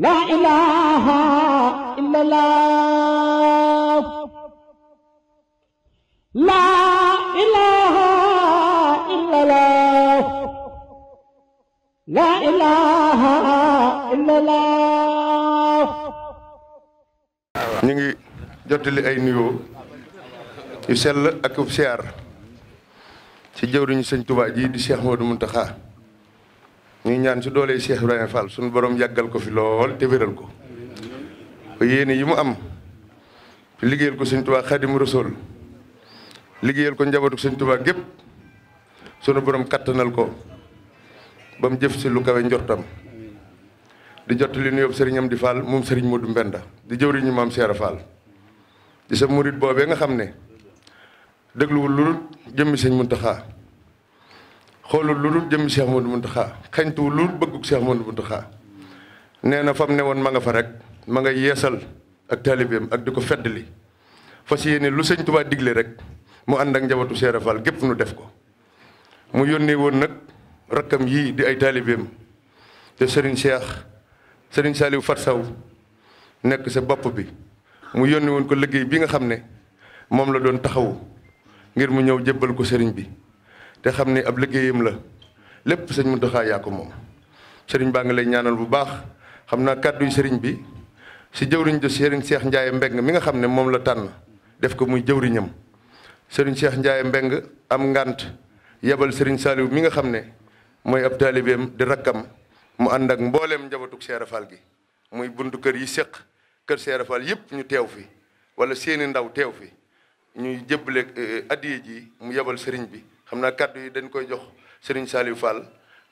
la ilaha illallah la ilaha illallah la ilaha ngi jottali ay nuyoo yu sell ak ub siyaar ci jëwriñu sëñ Tuubaa ji di Cheikh Modou Mountakha ñuy ñaan si doole Cheikh Ibrahima Fall suñu borom yàggal ko fi lool te wéral ko ba yéene yi mu am liggéeyal ko Sëñ Tuubaa Xaadimu Rasuul liggéeyal ko njabootu Sëñ Tuubaa gépp sunu borom kattanal ko ba mu jëf si lu kawe njortam di jot li nuyoo sëriñam di Fall moom sëriñ Modou Mbenda di jëwriñu maam Seera Fall di sa murit boobee nga xam ne dégluwul lu dul jëmmi sëñ Muntaxaa xoolul lu dul jëm Cheikh Modou Mountakha xañtuwul lu dul bëggug Cheikh Modou Mountakha nee na fam ne woon ma nga fa rek ma nga yeesal ak taalibeem ak di ko feddali fas yéene lu sëñ Tuubaa digle rek mu ànd ak njabootu Cheikh Fall gépp nu def ko mu yónnee woon nag rakkam yii di ay taalibeem te Serigne Cheikh Serigne Saliou Farsaw nekk sa bopp bi mu yónnee woon ko liggéey bi nga xam ne moom la doon taxawu ngir mu ñëw jébbal ko sëriñ bi te xam ni ab liggéeyam la lépp sëñ Muntaxa yaa ko moom sëriñ baa ngi lay ñaanal bu baax xam naa kàddu sëriñ bi si jëwriñ de sëriñ Cheikh Ndiaye Mbeng mi nga xam ne moom la tànn def ko muy jëwriñam sëriñ Cheikh Ndiaye Mbeng am ngànt yebal sëriñ Saliou mi nga xam ne mooy ab taalibeem di rakkam mu ànd ak mbooleem njabootug Cheikh Rafal gi muy buntu kër yi séq kër Cheikh Rafal yëpp ñu teew fi wala seeni ndaw teew fi ñuy jébbale eh, eh, addiye yi mu yebal sëriñ bi xam naa kàddu yi dañ koy jox sëriñ Saliou Fall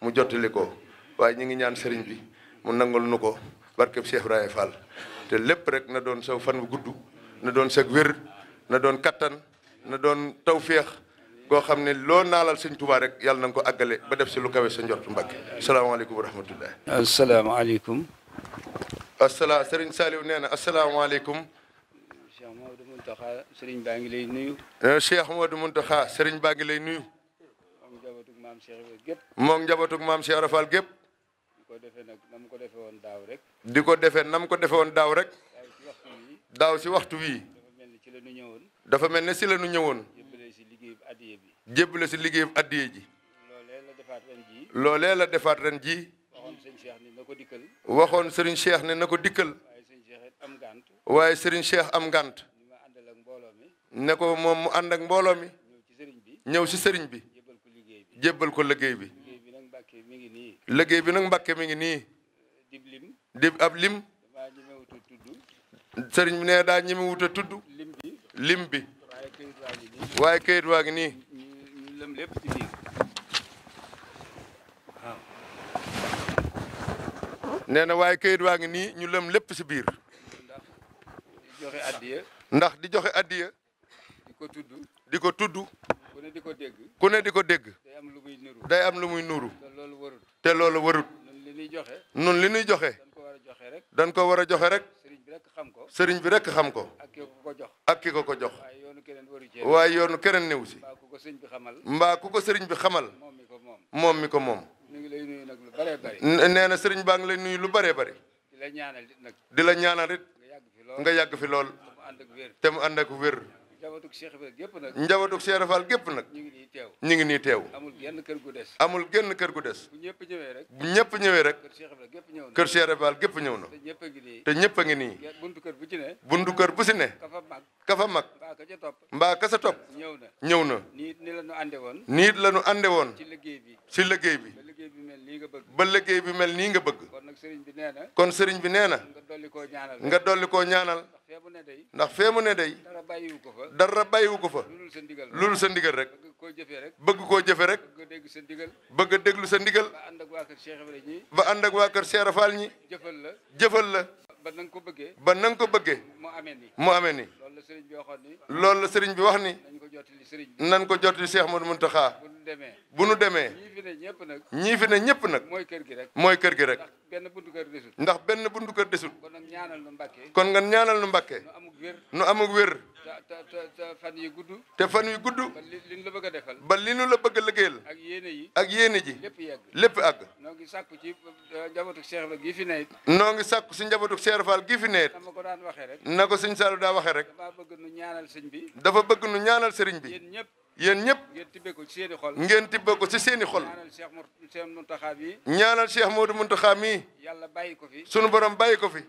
mu jottali ko waaye ñu ngi ñaan sëriñ bi mu nangul nu ko barkeb Cheikh Ibrahima Fall te lépp rek na doon saw fan gudd na doon sag wér na doon kattan na doon tawféex goo xam ne loo naalal sëñ Tuubaa rek yàlla na nga ko àggale ba def si lu kawe sa njort Mbàkke salaamaaleykum wa rahmatullah. asalaamaaleykum. asala Serigne nee na asalaamaaleykum. Mountakha Serigne baa ngi lay nuyu. Eh, Cheikh Modou Mountakha Serigne baa ngi lay nuyu. moom njabootug maam Cheikh Ibra gépp. gépp. di ko defee nag na mu ko defee woon daaw rek. di ko defee na ko defee daaw rek. daaw si waxtu wii. dafa mel ne si la nu ñëwoon. dafa mel ne si la nu ñëwoon. jébbale si liggéeyub addiye bi. jébbale si liggéeyub addiye ji. loolee la defaat ren jii. loolee defaat ren jii. waxoon Serigne Cheikh ne na ko dikkal. waxoon Serigne Cheikh ne na ko dikkal. waaye sëriñ Cheikh am ngant. ne ko moom mu ànd ak mbooloo mi ñëw si sëriñ bi jébbal ko liggéey bi liggéey bi nag mbàkke mi ngi nii di ab lim sëriñ bi ne daa ñeme wut tudd lim bi waaye kayit waa ngi nii na waaye kayit waa ngi nii ñu lëm lépp si biir ndax di joxe addiya ko tudd. di ko tudd. ku ne di ko dégg. ku ne di ko dégg. day am lu muy nuru. day am lu muy nuru. te loolu warut. te loolu warut. nun li ñuy joxe. nun li ñuy joxe. dañ ko war a joxe rek. dañ ko war joxe rek. sëriñ bi rek xam ko. sëriñ bi rek xam ko. ak ki ko ko jox. ak ki ko ko jox. waaye yoonu keneen waru cee. waaye yoonu si. mbaa ko sëriñ bi xamal. mbaa ko sëriñ bi xamal. moom mi ko moom. moom mi ko moom. mi ngi lay nuyu nag lu bëree bëri. nee na sëriñ baa ngi lay nuyu lu bëree bëri. di la ñaanal nag. di la ñaanal it. nga yàgg fi lool. te mu ànd ak njabootu Cheikh Ibra gépp nag. njabootu Cheikh Ibra Fall gépp nag. ñu ngi nii teew ñu ngi nii teew. amul genn kër gu des. amul genn kër gu des. bu ñëpp ñëwee rek. ñëpp ñëwee rek. kër Cheikh Ibra gépp ñëw na kër Cheikh Ibra Fall gépp na. te ñëpp a ngi nii ñëpp ngi nii. buntu kër bu ci ne. buntu kër bu ci ne. kafa mag kafa mag. mbaa ka ca topp. mbaa ka sa topp. ñëw na ñëw na. niit ni la ñu ànde woon. niit la ñu ànde woon. ci liggéey bi ci liggéey bi. ba liggéey bi mel nii nga bëgg. kon nag bi nee na. kon sëriñ bi nee na. nga dolli koo ñaanal nga dolli koo ñaanal. ndax fee ne day. bàyyiwu ko fa dara bàyyiwu ko fa loolu sa ndigal loolu sa ndigal rek bëgg koo jëfee rek bëgg koo jëfe rek bëgg dégg sa bëgg a déglu sa ndigal ba ànd ak waa kër Cheikh Ibrahima ñi ba ànd ak waa kër Cheikh Rafal ñi jëfal la jëfal la ba na ko bëggee ba na ko bëggee mu amee ni mu amee nii loolu la sëriñ bi waxoon ni. loolu la sëriñ bi wax ni. nañ ko jottali sëriñ bi nañ ko jottali Cheikh Modou Mountakha. bu nu demee bu nu demee. nag. ñii fi ne ñëpp nag. mooy kër gi rek mooy kër gi rek. ndax benn buntu kër desul. ndax benn buntu kër desul. kon nag ñaanal nu Mbàkke. kon nga ñaanal nu Mbàkke. nu amug wér nu amug wér. te te fan yi gudd. te fan yi gudd. ba li ñu la bëgg a defal. ba li ñu la bëgg a liggéeyal. ak yéene yi ak yéene ji. lépp yàgg lépp àgg. noo ngi sàkku ci euh, njabootu Cheikh Fall gii fi nekk. noo ngi sàkku si njabootu Cheikh Fall gii fi nekk. na ko daan waxee rek. na ko sëñ Saalu daa waxee rek. dafa bëgg nu ñaanal sëriñ bi. dafa bëgg nu ñaanal sëriñ bi. yéen ñëpp. yéen ñëpp. ngeen tibbee ko ci seen i xol. ngeen i xol. ñaanal Cheikh Mountakha mi. ko fi. sunu borom bàyyi ko fi.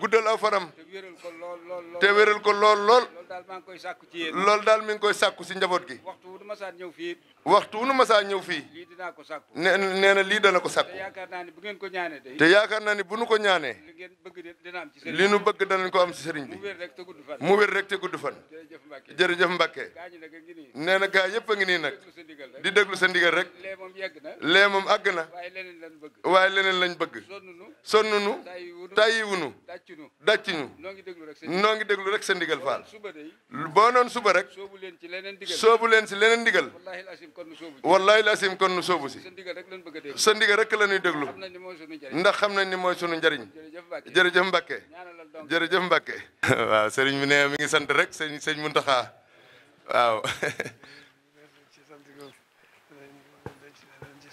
guddal aw fanam. te wéral ko lool lool lool. te wéral ko lool lool. loolu daal maa ngi koy sàkku ci yéen. loolu daal mi ngi koy sàkku si njaboot gi. waxtu wu nu masaa ñëw fi waxtu wu nu masaa ñëw fii. lii dinaa na dana ko sàkku. te yaakaar naa ni bu ngeen ko ñaanee de. te yaakaar bu nu ko ñaanee. li nu bëgg danañ ko am ci sëriñ bi. mu wér rek te gudd fan. mu wér rek te gudd fan. jërëjëf Mbacke jërëjëf Mbacke. gaa yëpp a ngi nii nag di déglu sa ndigal rek lee moom àgg na waaye leneen lañ bëgg sonn nu tàyyiwunu dàcc ñu noo ngi déglu rek sa ndigal faal boo noon suba rek soobu leen si leneen ndigal wallaahi laasim kon nu soobu si sa ndigal rek la ñuy déglu ndax xam na ni mooy sunu njariñ jërëjëf Mbacke jërëjëf Mbacke waaw sëriñ bi nee mi ngi sant rek sëñ sëñ Muntaxa waaw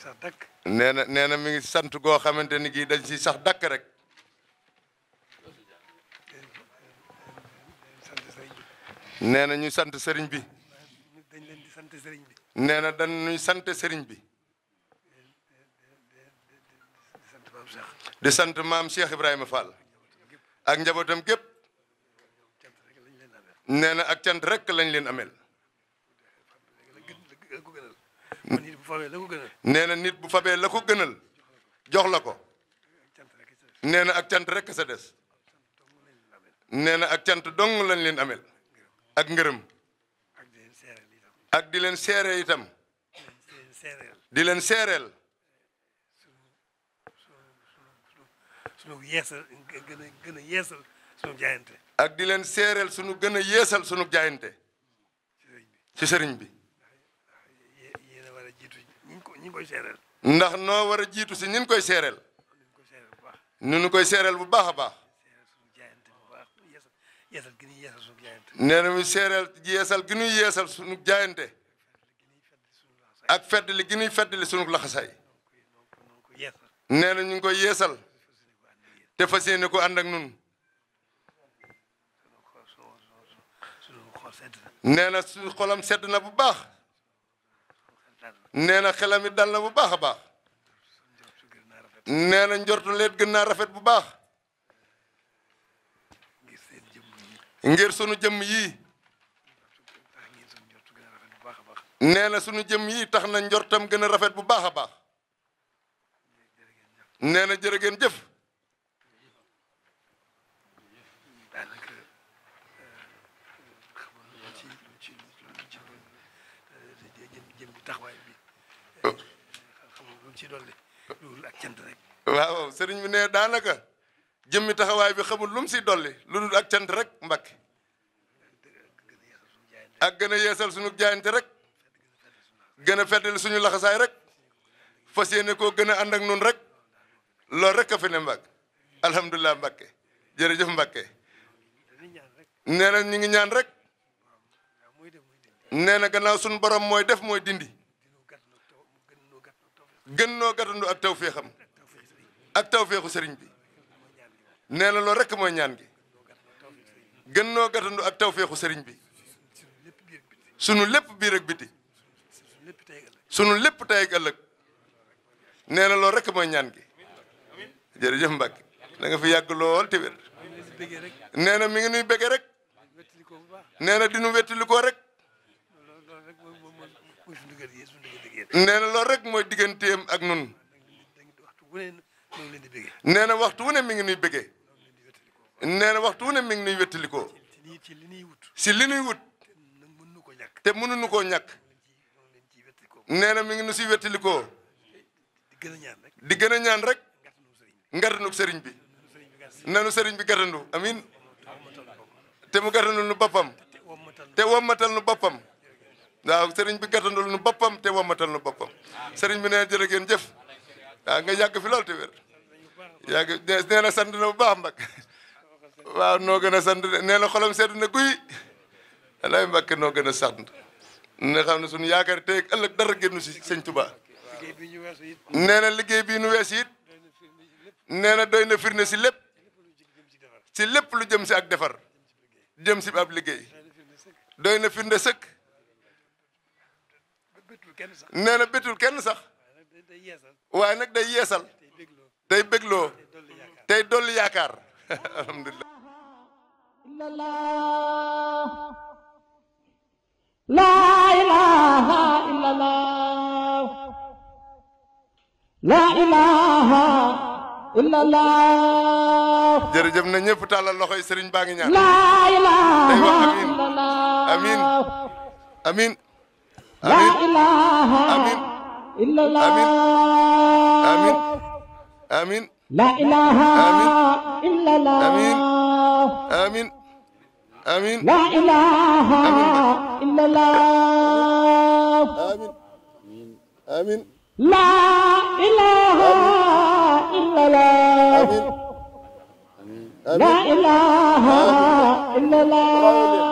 sax dakk nee na nee na mi ngi sant goo xamante ni gii dañ si sax dakk rek nee na ñu sant sëriñ bi dañ leen di sant sëriñ bi nee na dañ ñuy sant sëriñ bi di sant maam Cheikh Ibrahima Fall ak njabootam gépp nee na ak cant rek lañ leen ameel nee na nit bu fabee la ko gënal jox la ko nee na ak cant rek sa des nee na ak cant dong lañ leen amel ak ngërëm ak di leen seere itam di leen seereel sunu yeesal gën a yeesal sunu jaayante ak di leen seereel sunu gën a yeesal sunu jaayante ci sëriñ bi ñi koy seereel. ndax noo war a jiitu si ñin koy seereel. ñu ngi koy seereel bu baax a baax. nee na mu seereel yeesal gi ñuy yeesal suñu jaayante. ak fedd li gi ñuy fedd li suñu laxasaay. nee na ñu ngi koy yeesal. te fas yéene ko ànd ak nun nee xolam sedd na bu baax. nee na xelam dal na bu baax a baax nee na njortu leet gën naa rafet bu baax ngir sunu jëmm yii nee na sunu jëm yii tax na njortam gën a rafet bu baax a baax nee na jërë ngeen jëf ci dolli loolu waaw sëriñ bi nee daanaka jëmmi taxawaay bi xamul lum si dolli lu dul ak cant rek mbakki ak gën a yeesal suñu jaayante rek gën a feddali suñu laxasaay rek fas yéene koo gën a ànd ak noonu rek loolu rek a fi ne mbak alhamdulilah mbakke jërëjëf mbakke nee na ñu ngi ñaan rek nee na gannaaw suñu borom mooy def mooy dindi. gën noo gàttandu ak tawféexam ak taw feexu sëriñ bi nee na loolu rek mooy ñaan gi gën noo gàttandu ak taw feexu sëriñ bi sunu lépp biir ak biti sunu lépp tey ak ëllëg nee na loolu rek mooy ñaan gi jërëjëf Mbacke da nga fi yàgg lool te wér nee na mi ngi nuy bëgge rek nee na di nu wettali ko rek. nee na loolu rek mooy digganteem ak nun nee na waxtu wu ne mi ngi nuy bëggee nee na waxtu wu ne mi ngi nuy wettalikoo si li nuy wut te mënuñu koo ñàkk nee na mi ngi nu si wettalikoo di gën a ñaan rek ngartanuk sëriñ bi nanu sëriñ bi gàttandu amin te mu gàttandu nu boppam te wommatal nu boppam waaw sëriñ bi gàttandul nu boppam te wamatal nu boppam sëriñ bi nee jërë ngeen jëf waaw nga yàgg fi lool te wér yàgg nee na sant na bu baax mbak waaw noo gën a sant nee na xolam sedd na guy alaay mbak noo gën a sant ne xam ne suñu yaakaar tey ëllëg dara génnu si sëñ Tuubaa nee na liggéey bii nu wees it nee na doy na firnde si lépp si lépp lu jëm si ak defar jëm si ab liggéey doy na firnde sëkk nee na kenn sax waaye nag day yeesal day bégloo day dolli yaakaar alhamdulilah laa ilaha na ñëpp tàllal loxo yi baa ngi ñaan laa ilaha illallah amin لا إله إلا الله آمين آمين لا إله إلا الله آمين آمين لا إله إلا الله آمين آمين لا إله إلا الله لا إله إلا الله